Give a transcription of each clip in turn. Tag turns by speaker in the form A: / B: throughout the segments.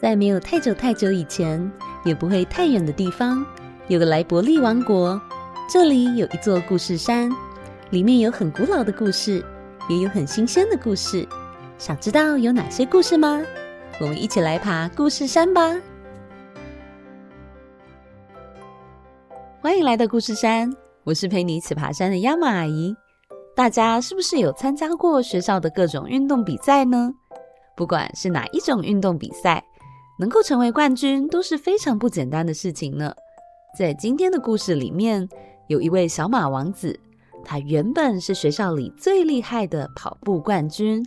A: 在沒有太久太久以前，也不會太遠的地方，有個萊伯利王國。這裡有一座故事山，裡面有很古老的故事，也有很新鮮的故事。想知道有哪些故事嗎？我們一起來爬故事山吧！歡迎來到故事山，我是陪你一起爬山的 Yama 阿姨。大家是不是有參加過學校的各種運動比賽呢？不管是哪一種運動比賽。能夠成為冠軍都是非常不簡單的事情呢。在今天的故事裡面，有一位小馬王子，他原本是學校裡最厲害的跑步冠軍，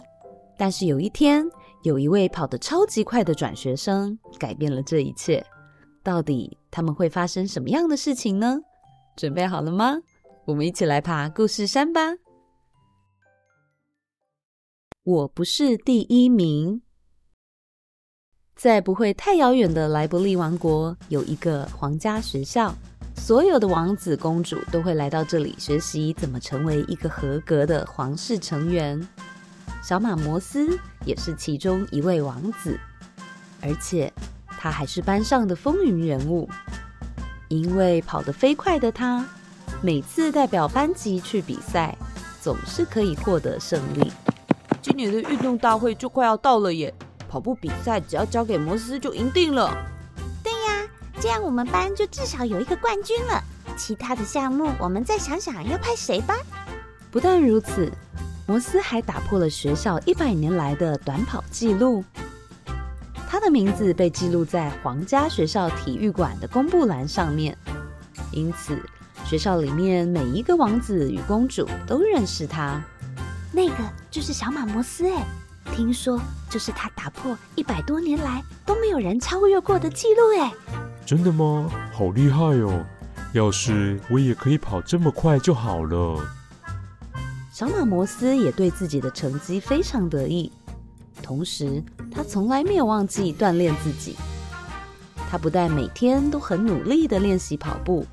A: 但是有一天，有一位跑得超級快的轉學生改變了這一切。到底他們會發生什麼樣的事情呢？準備好了嗎？我們一起來爬故事山吧！我不是第一名。在不會太遙遠的萊伯利王國有一個皇家學校，所有的王子公主都會來到這裡學習怎麼成為一個合格的皇室成員。小馬摩斯也是其中一位王子，而且他還是班上的風雲人物，因為跑得飛快的他，每次代表班級去比賽總是可以獲得勝利。今年的運動大會就快要到了耶！跑步比賽只要交給摩斯就贏定了。對呀，這樣我們班就至少有一個冠軍了。其他的項目我們再想想要派誰吧。不但如此，摩斯還打破了學校一百年來的短跑記錄，他的名字被記錄在皇家學校體育館的公布欄上面，因此學校裡面每一個王子與公主都認識他。那個就是小馬摩斯，誒。聽說這是他打破一百多年來都沒有人超越過的記錄。
B: 哎，真的嗎？好厲害哦！要是我也可以跑這麼快就好了。
A: 小馬摩斯也對自己的成績非常得意，同時他從來沒有忘記鍛煉自己。他不但每天都很努力地練習跑步，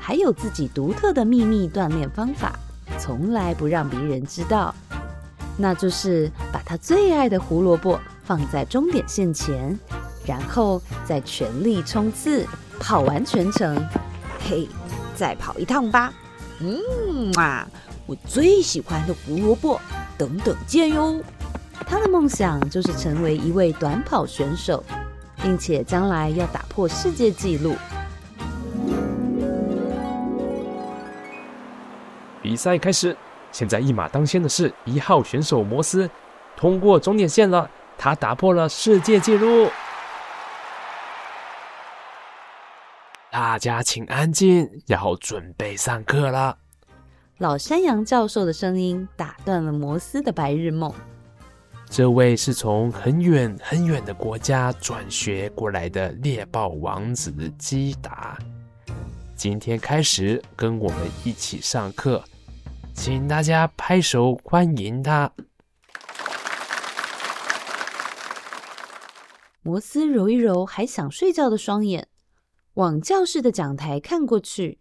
A: 還有自己獨特的秘密鍛煉方法，從來不讓別人知道。那就是把他最愛的胡蘿蔔放在終點線前，然後再全力衝刺，跑完全程。嘿，再跑一趟吧。嗯啊，我最喜歡的胡蘿蔔，等等見喲。他的夢想就是成為一位短跑選手，並且將來要打破世界紀錄。
B: 比賽開始。現在一馬當先的是一號選手摩斯，通過終點線了，他打破了世界紀錄。大家請安靜，要準備上課了。
A: 老山羊教授的聲音打斷了摩斯的白日夢。
B: 這位是從很遠很遠的國家轉學過來的獵豹王子基達，今天開始跟我們一起上課。請大家拍手歡迎他。摩斯揉一揉還想睡覺的
A: 雙眼，往教室的講台看過去。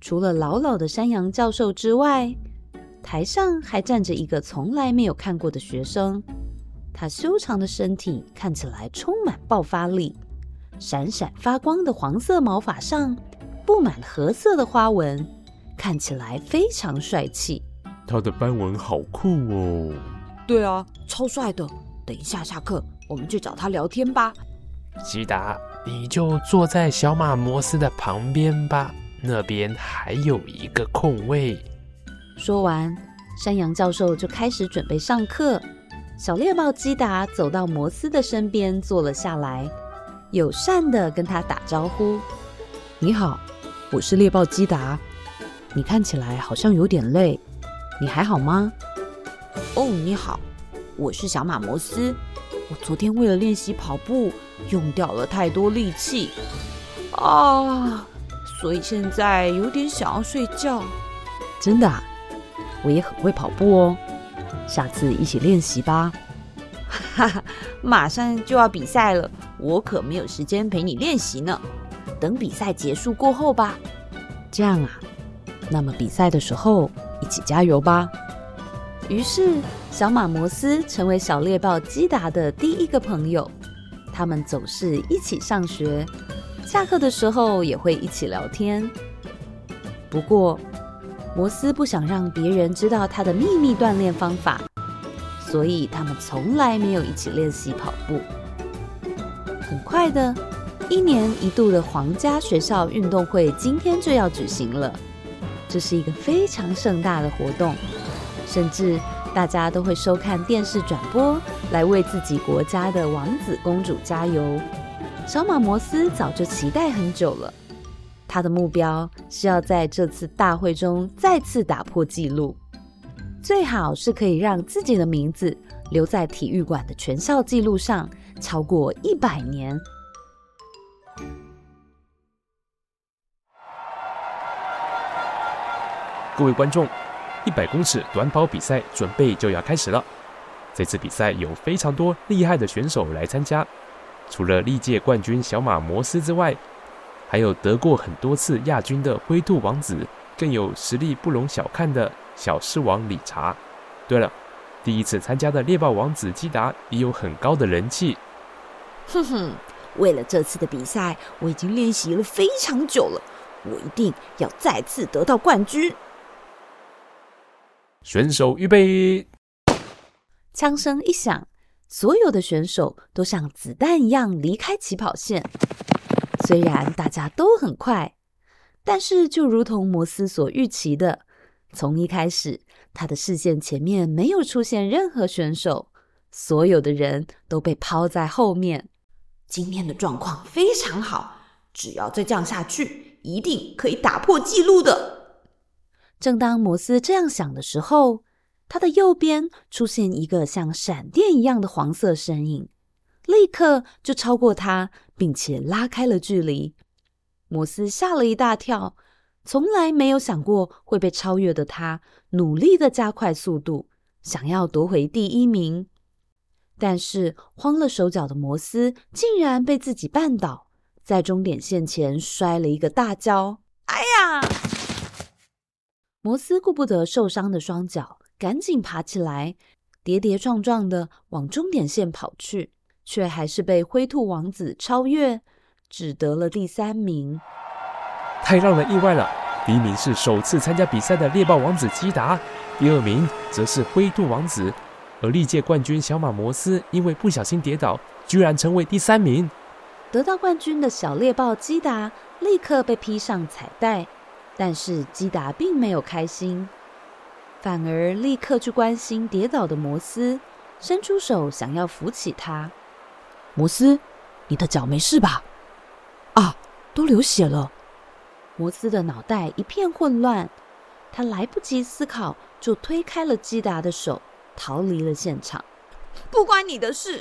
A: 除了老老的山羊教授之外，台上還站着一個從來沒有看過的學生。他修長的身體看起來充滿爆發力，閃閃發光的黃色毛髮上布滿褐色的花紋。看起來非常帥氣，
B: 他的斑紋好酷哦！
A: 對啊，超帥的。等一下下課，我們去找他聊天吧。
B: 基達，你就坐在小馬摩斯的旁邊吧，那邊還有一個空位。
A: 說完，山羊教授就開始準備上課。小獵豹基達走到摩斯的身邊坐了下來，友善的跟他打招呼：“你好，我是獵豹基達。”你看起來好像有點累，你還好嗎？哦，oh, 你好，我是小馬摩斯。我昨天為了練習跑步，用掉了太多力氣，啊、oh，所以現在有點想要睡覺。真的啊，我也很會跑步哦，下次一起練習吧。哈哈，馬上就要比賽了，我可沒有時間陪你練習呢。等比賽結束過後吧。這樣啊。那麼比賽的時候，一起加油吧！於是，小馬摩斯成為小獵豹基達的第一個朋友。他們總是一起上學，下課的時候也會一起聊天。不過，摩斯不想讓別人知道他的秘密鍛鍊方法，所以他們從來沒有一起練習跑步。很快的，一年一度的皇家學校運動會今天就要舉行了。這是一個非常盛大的活動，甚至大家都會收看電視轉播來為自己國家的王子公主加油。小馬摩斯早就期待很久了，他的目標是要在這次大會中再次打破紀錄，最好是可以讓自己的名字留在體育館的全校紀錄上超過一百年。
B: 各位觀眾，一百公尺短跑比賽準備就要開始了。這次比賽有非常多厲害的選手來參加，除了歷屆冠軍小馬摩斯之外，還有得過很多次亞軍的灰兔王子，更有實力不容小看的小獅王理查。對了，第一次參加的獵豹王子基達也有很高的人氣。
A: 哼哼，為了這次的比賽，我已經練習了非常久了，我一定要再次得到冠軍。
B: 選手預備，
A: 槍聲一響，所有的選手都像子彈一樣離開起跑線。雖然大家都很快，但是就如同摩斯所預期的，從一開始他的視線前面沒有出現任何選手，所有的人都被拋在後面。今天的狀況非常好，只要再降下去，一定可以打破紀錄的。正當摩斯這樣想的時候，他的右邊出現一個像閃電一樣的黃色身影，立刻就超過他，並且拉開了距離。摩斯嚇了一大跳，從來沒有想過會被超越的他，努力的加快速度，想要奪回第一名。但是慌了手腳的摩斯，竟然被自己絆倒，在終點線前摔了一個大跤。哎呀！摩斯顧不得受傷的雙腳，趕緊爬起來，跌跌撞撞的往終點線跑去，卻還是被灰兔王子超越，只得了第三名。
B: 太讓人意外了！第一名是首次參加比賽的獵豹王子基達，第二名則是灰兔王子，而歷屆冠軍小馬摩斯因為不小心跌倒，居然成為第三名。
A: 得到冠軍的小獵豹基達立刻被披上綵帶。但是基達並沒有開心，反而立刻去關心跌倒的摩斯，伸出手想要扶起他。摩斯，你的腳沒事吧？啊，都流血了。摩斯的腦袋一片混亂，他來不及思考，就推開了基達的手，逃離了現場。不關你的事。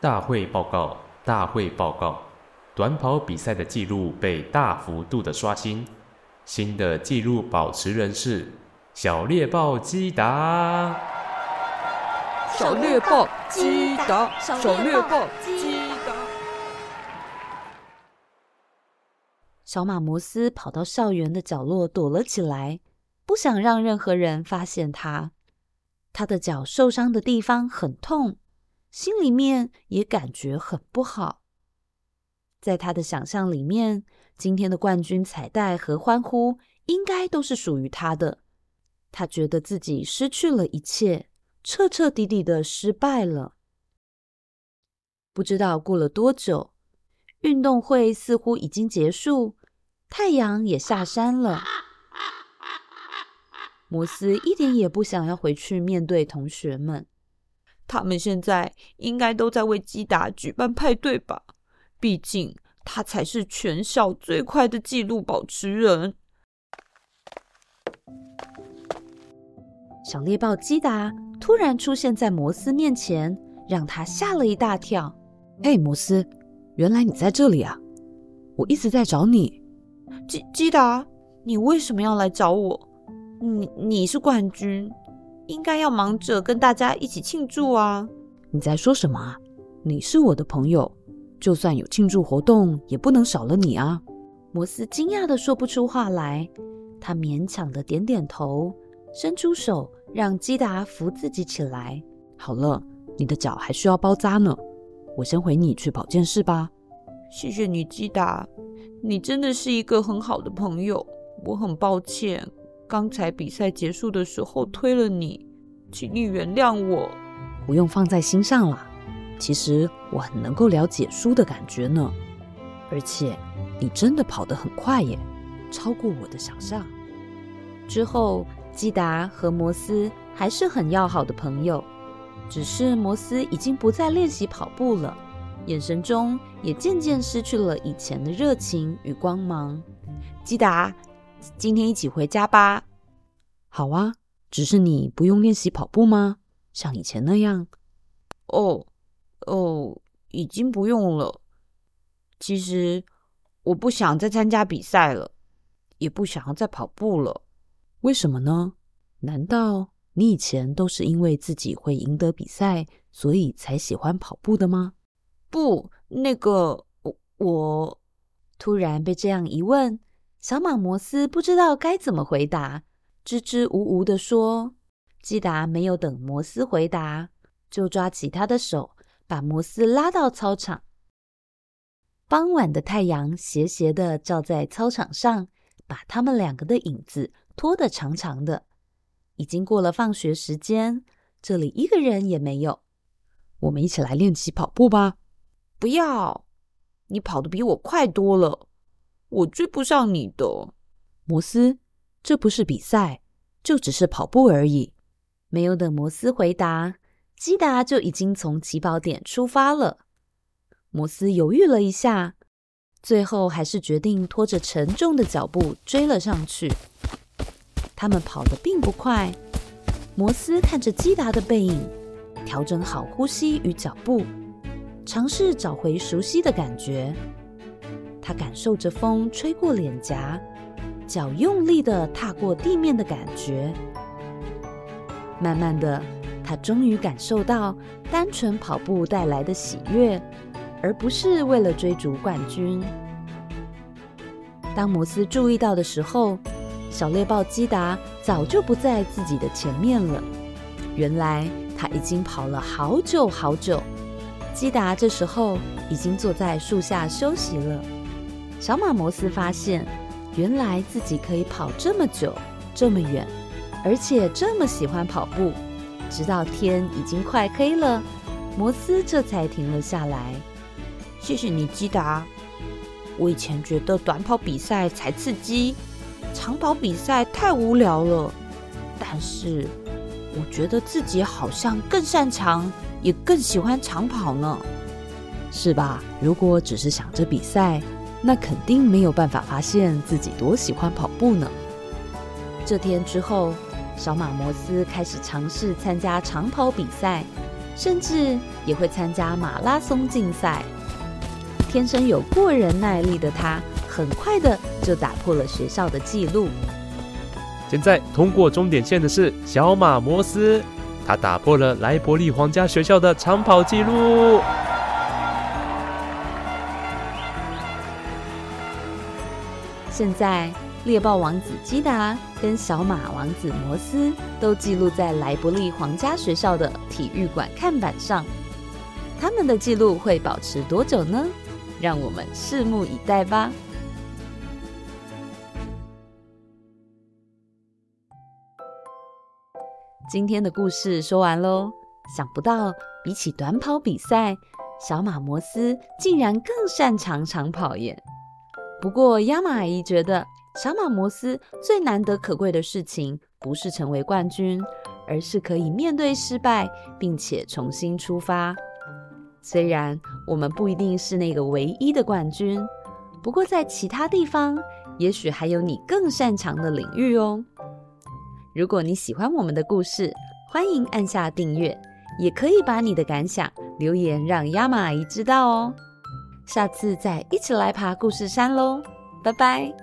B: 大會報告，大會報告。短跑比賽的記錄被大幅度的刷新，新的紀錄保持人是小獵豹基達。
A: 小獵豹基達，小獵豹基達。小馬摩斯跑到校園的角落躲了起來，不想讓任何人發現他。他的腳受傷的地方很痛，心裡面也感覺很不好。在他的想象裡面，今天的冠軍彩帶和歡呼應該都是屬於他的。他覺得自己失去了一切，徹徹底底的失敗了。不知道過了多久，運動會似乎已經結束，太陽也下山了。摩斯一點也不想要回去面對同學們，他們現在應該都在為基達舉辦派對吧。畢竟，他才是全校最快的記錄保持人。小獵豹基達突然出現在摩斯面前，讓他嚇了一大跳。嘿，摩斯，原來你在這裡啊！我一直在找你。基基達，你為什麼要來找我？你你是冠軍，應該要忙着跟大家一起慶祝啊！你在說什麼啊？你是我的朋友。就算有慶祝活動，也不能少了你啊！摩斯驚訝的說不出話來，他勉強的點點頭，伸出手讓基達扶自己起來。好了，你的腳還需要包紮呢，我先回你去保健室吧。謝謝你，基達，你真的是一個很好的朋友。我很抱歉，剛才比賽結束的時候推了你，請你原諒我。不用放在心上了。其實我很能夠了解輸的感覺呢，而且你真的跑得很快耶，超過我的想象之後，基達和摩斯還是很要好的朋友，只是摩斯已經不再練習跑步了，眼神中也漸漸失去了以前的熱情與光芒。基達，今天一起回家吧。好啊，只是你不用練習跑步嗎？像以前那樣。哦。Oh. 哦，已經不用了。其實我不想再參加比賽了，也不想要再跑步了。為什麼呢？難道你以前都是因為自己會贏得比賽，所以才喜歡跑步的嗎？不，那個我……我突然被這樣一問，小馬摩斯不知道該怎麼回答，支支吾吾的說。基達沒有等摩斯回答，就抓起他的手。把摩斯拉到操場。傍晚的太陽斜斜地照在操場上，把他們兩個的影子拖得長長的。已經過了放學時間，這裡一個人也沒有。我們一起來練習跑步吧。不要，你跑得比我快多了，我追不上你的。摩斯，這不是比賽，就只是跑步而已。沒有等摩斯回答，基達就已經從起跑點出發了。摩斯猶豫了一下，最後還是決定拖着沉重的腳步追了上去。他們跑得並不快。摩斯看着基達的背影，調整好呼吸與腳步，嘗試找回熟悉的感覺。他感受着風吹過臉頰，腳用力的踏過地面的感覺。慢慢的。他終於感受到單純跑步帶來的喜悅，而不是為了追逐冠軍。當摩斯注意到的時候，小獵豹基達早就不在自己的前面了。原來他已經跑了好久好久。基達這時候已經坐在樹下休息了。小馬摩斯發現，原來自己可以跑這麼久、這麼遠，而且這麼喜歡跑步。直到天已經快黑了，摩斯這才停了下來。謝謝你，基達。我以前覺得短跑比賽才刺激，長跑比賽太無聊了。但是，我覺得自己好像更擅長，也更喜歡長跑呢，是吧？如果只是想着比賽，那肯定沒有辦法發現自己多喜歡跑步呢。這天之後。小馬摩斯開始嘗試參加長跑比賽，甚至也會參加馬拉松競賽。天生有過人耐力的他，很快的就打破了學校的記錄。
B: 現在通過終點線的是小馬摩斯，他打破了萊伯利皇家學校的長跑記錄。現在。獵豹王
A: 子基達跟小馬王子摩斯都記錄在萊伯利皇家學校的體育館看板上，他們的記錄會保持多久呢？讓我們拭目以待吧。今天的故事說完嘍，想不到比起短跑比賽，小馬摩斯竟然更擅長長跑耶。不過 Yama 阿姨覺得。小馬摩斯最難得可貴的事情，不是成為冠軍，而是可以面對失敗，並且重新出發。雖然我們不一定是那個唯一的冠軍，不過在其他地方，也許還有你更擅長的領域哦。如果你喜歡我們的故事，歡迎按下訂閱，也可以把你的感想留言讓 Yama 阿姨知道哦。下次再一起來爬故事山嘍，拜拜。